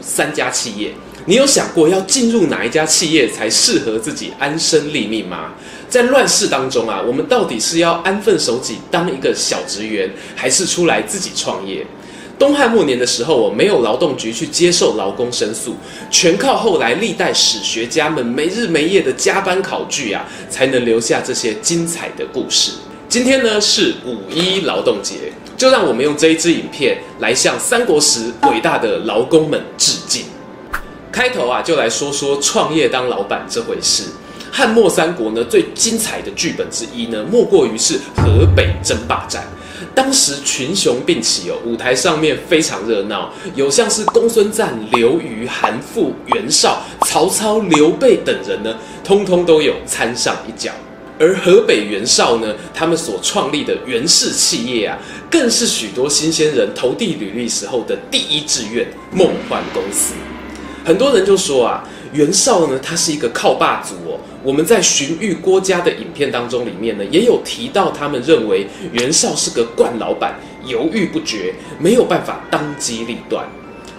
三家企業，你有想過要進入哪一家企業才適合自己安身立命嗎？在亂世當中啊，我們到底是要安分守己當一個小職員，還是出來自己創業？東漢末年的時候，我沒有勞動局去接受勞工申訴，全靠後來歷代史學家們沒日沒夜的加班考據啊，才能留下這些精彩的故事。今天呢，是五一勞動節。就讓我們用這一支影片來向三國時偉大的勞工們致敬。開頭啊，就來說說創業當老闆這回事。漢末三國呢，最精彩的劇本之一呢，莫過於是河北爭霸戰。當時群雄並起哦，舞台上面非常熱鬧，有像是公孫瓚、劉虞、韓馥、袁紹、曹操、劉備等人呢，通通都有參上一腳。而河北袁紹呢，他們所創立的袁氏企業啊，更是許多新鮮人投遞履歷時候的第一志願，夢幻公司。很多人就說啊，袁紹呢，他是一個靠爸族哦。我們在荀彧郭嘉的影片當中裡面呢，也有提到他們認為袁紹是個慣老板，猶豫不決，沒有辦法當機立斷。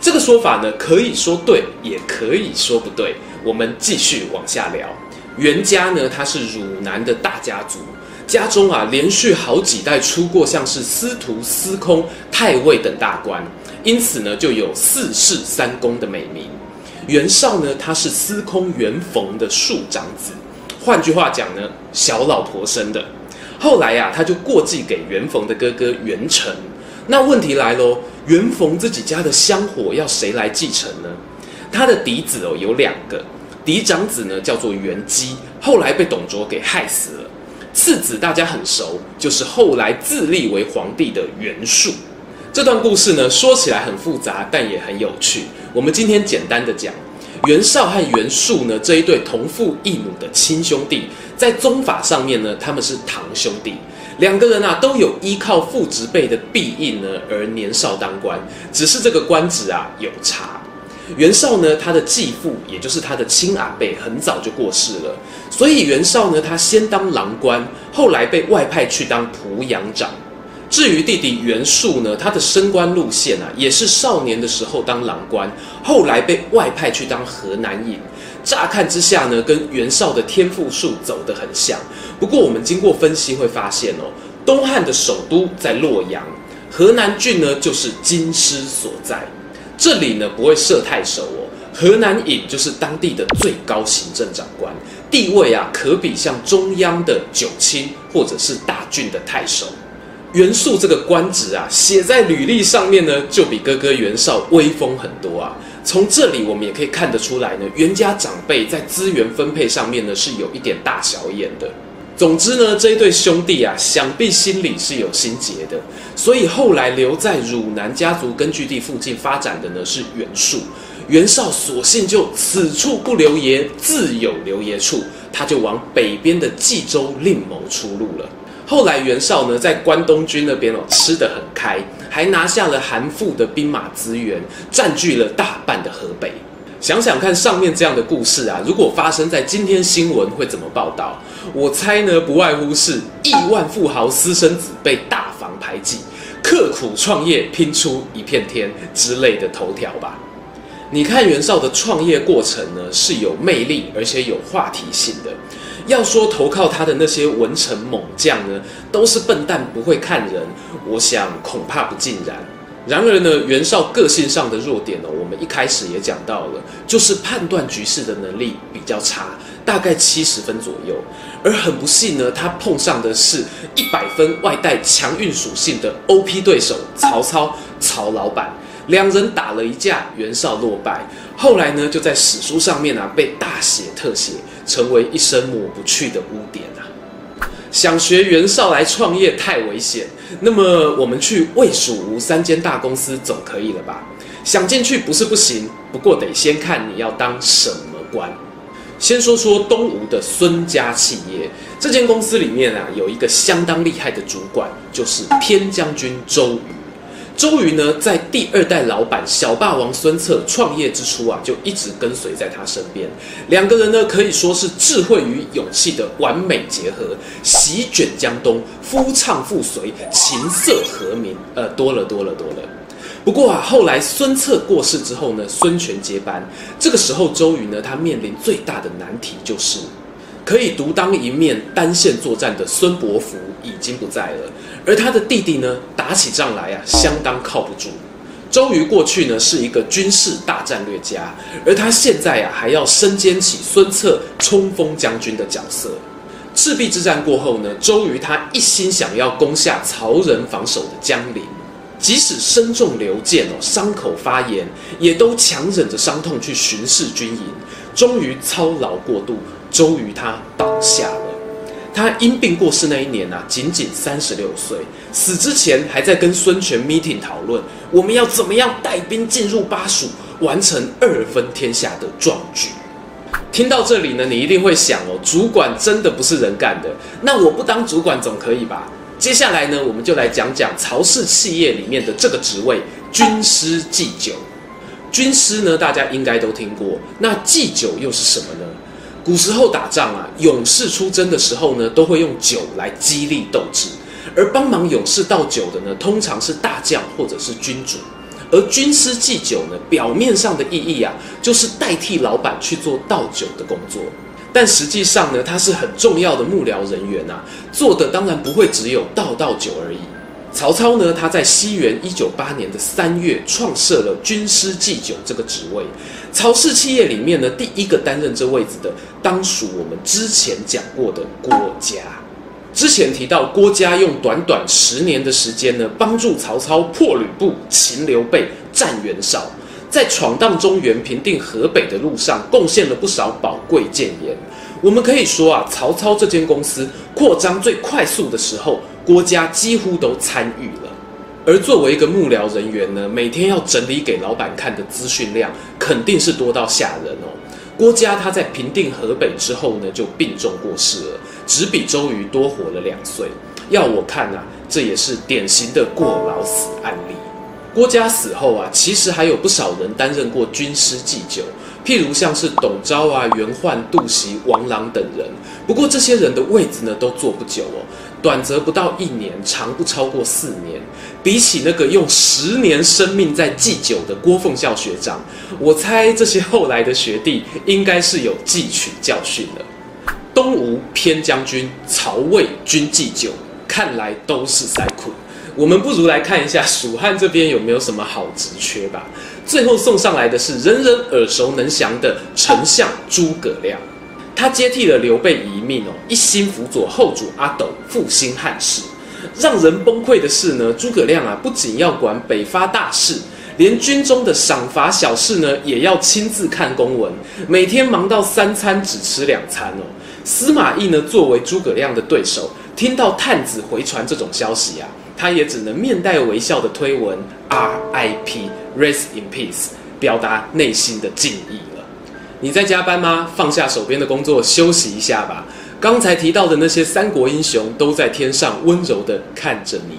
這個說法呢，可以說對，也可以說不對。我們繼續往下聊。袁家呢，他是汝南的大家族，家中啊連續好幾代出過像是司徒、司空、太尉等大官，因此呢就有四世三公的美名。袁紹呢，他是司空袁逢的庶長子，換句話講呢，小老婆生的。後來呀、啊，他就過繼給袁逢的哥哥袁成。那問題來咯，袁逢自己家的香火要誰來繼承呢？他的嫡子哦有兩個。嫡長子呢，叫做袁基，後來被董卓給害死了。次子大家很熟，就是後來自立為皇帝的袁術。這段故事呢，說起來很複雜，但也很有趣。我們今天簡單的講，袁紹和袁術呢，這一對同父異母的親兄弟，在宗法上面呢，他們是堂兄弟，兩個人啊都有依靠父執輩的庇蔭呢而年少當官，只是這個官職啊有差。袁紹呢，他的繼父也就是他的親阿伯，很早就過世了，所以袁紹呢，他先當郎官，後來被外派去當濮陽長。至於弟弟袁術呢，他的升官路線啊，也是少年的時候當郎官，後來被外派去當河南尹。乍看之下呢，跟袁紹的天賦樹走得很像。不過我們經過分析會發現哦，東漢的首都在洛陽，河南郡呢就是京師所在。這裡呢，不會設太守哦，河南尹就是當地的最高行政長官，地位啊可比像中央的九卿或者是大郡的太守。袁術這個官職啊，寫在履歷上面呢，就比哥哥袁紹威風很多啊。從這裡我們也可以看得出來呢，袁家長輩在資源分配上面呢，是有一點大小眼的。總之呢，這一對兄弟啊，想必心裡是有心結的。所以後來留在汝南家族根據地附近發展的呢，是袁術。袁紹索性就此處不留爺，自有留爺處。他就往北邊的冀州另謀出路了。後來袁紹呢，在關東軍那邊哦，吃得很開，還拿下了韓馥的兵馬資源，佔據了大半的河北。想想看，上面這樣的故事啊，如果發生在今天，新聞會怎麼報道？我猜呢，不外乎是億萬富豪私生子被大房排擠，刻苦創業拼出一片天之類的頭條吧。你看袁紹的創業過程呢，是有魅力而且有話題性的。要說投靠他的那些文臣猛將呢，都是笨蛋不會看人，我想恐怕不盡然。然而呢，袁紹個性上的弱點呢、哦，我們一開始也講到了，就是判斷局勢的能力比較差，大概七十分左右。而很不幸呢，他碰上的是一百分外帶強運屬性的 OP 對手曹操曹老板，兩人打了一架，袁紹落敗。後來呢，就在史書上面啊被大寫特寫，成為一生抹不去的污點。想學袁紹來創業太危險，那麼我們去魏、蜀、吳三間大公司總可以了吧？想進去不是不行，不過得先看你要當什麼官。先說說東吳的孫家企業，這間公司裡面啊，有一個相當厲害的主管，就是偏將軍周瑜。周瑜呢，在第二代老闆小霸王孫策創業之初啊，就一直跟隨在他身邊。兩個人呢，可以說是智慧與勇氣的完美結合，席卷江東，夫唱婦隨，琴瑟和鳴，呃，多了多了多了。不過啊，後來孫策過世之後呢，孫權接班，這個時候周瑜呢，他面臨最大的難題就是，可以獨當一面、單線作戰的孫伯符已經不在了。而他的弟弟呢，打起仗來啊，相當靠不住。周瑜過去呢，是一個軍事大戰略家，而他現在啊，還要身兼起孫策衝鋒將軍的角色。赤壁之戰過後呢，周瑜他一心想要攻下曹仁防守的江陵，即使身中流箭哦，傷口發炎，也都強忍着傷痛去巡視軍營，終於操勞過度，周瑜他倒下了。他因病過世那一年啊，僅僅三十六歲，死之前還在跟孫權 meeting 討論，我們要怎麼樣帶兵進入巴蜀，完成二分天下的壯舉。聽到這裡呢，你一定會想哦，主管真的不是人幹的，那我不當主管總可以吧？接下來呢，我們就來講講曹氏企業裡面的這個職位——軍師祭酒。軍師呢，大家應該都聽過，那祭酒又是什麼呢？古時候打仗啊，勇士出征的時候呢，都會用酒來激勵鬥志，而幫忙勇士倒酒的呢，通常是大將或者是君主，而軍師祭酒呢，表面上的意義啊，就是代替老板去做倒酒的工作，但實際上呢，他是很重要的幕僚人員呐、啊，做的當然不會只有倒倒酒而已。曹操呢，他在西元一九八年的三月創設了軍師祭酒這個職位。曹氏企業裡面呢，第一個擔任這位置的，當屬我們之前講過的郭嘉。之前提到郭嘉用短短十年的時間呢，幫助曹操破呂布、擒劉備、戰袁紹，在闖蕩中原、平定河北的路上，貢獻了不少寶貴建言。我們可以說啊，曹操這間公司擴張最快速的時候，郭嘉幾乎都參與了，而作為一個幕僚人員呢，每天要整理給老闆看的資訊量肯定是多到嚇人哦。郭嘉他在平定河北之後呢，就病重過世了，只比周瑜多活了兩歲。要我看啊，這也是典型的過勞死案例。郭嘉死後啊，其實還有不少人擔任過軍師祭酒，譬如像是董昭啊、袁渙、杜襲、王朗等人。不過這些人的位子呢，都坐不久哦，短則不到一年，長不超過四年。比起那個用十年生命在祭酒的郭奉孝學長，我猜這些後來的學弟應該是有汲取教訓了。東吳偏將軍、曹魏軍祭酒，看來都是塞苦。我們不如來看一下蜀漢這邊有沒有什麼好職缺吧。最後送上來的是人人耳熟能詳的丞相諸葛亮，他接替了劉備遺命哦，一心輔佐後主阿斗復興漢室。讓人崩潰的是呢，諸葛亮啊不僅要管北伐大事，連軍中的賞罰小事呢也要親自看公文，每天忙到三餐只吃兩餐哦。司馬懿呢作為諸葛亮的對手，聽到探子回傳這種消息啊。他也只能面帶微笑的推文，RIP Rest in peace，表達內心的敬意了。你在加班嗎？放下手邊的工作，休息一下吧。剛才提到的那些三國英雄都在天上溫柔的看着你。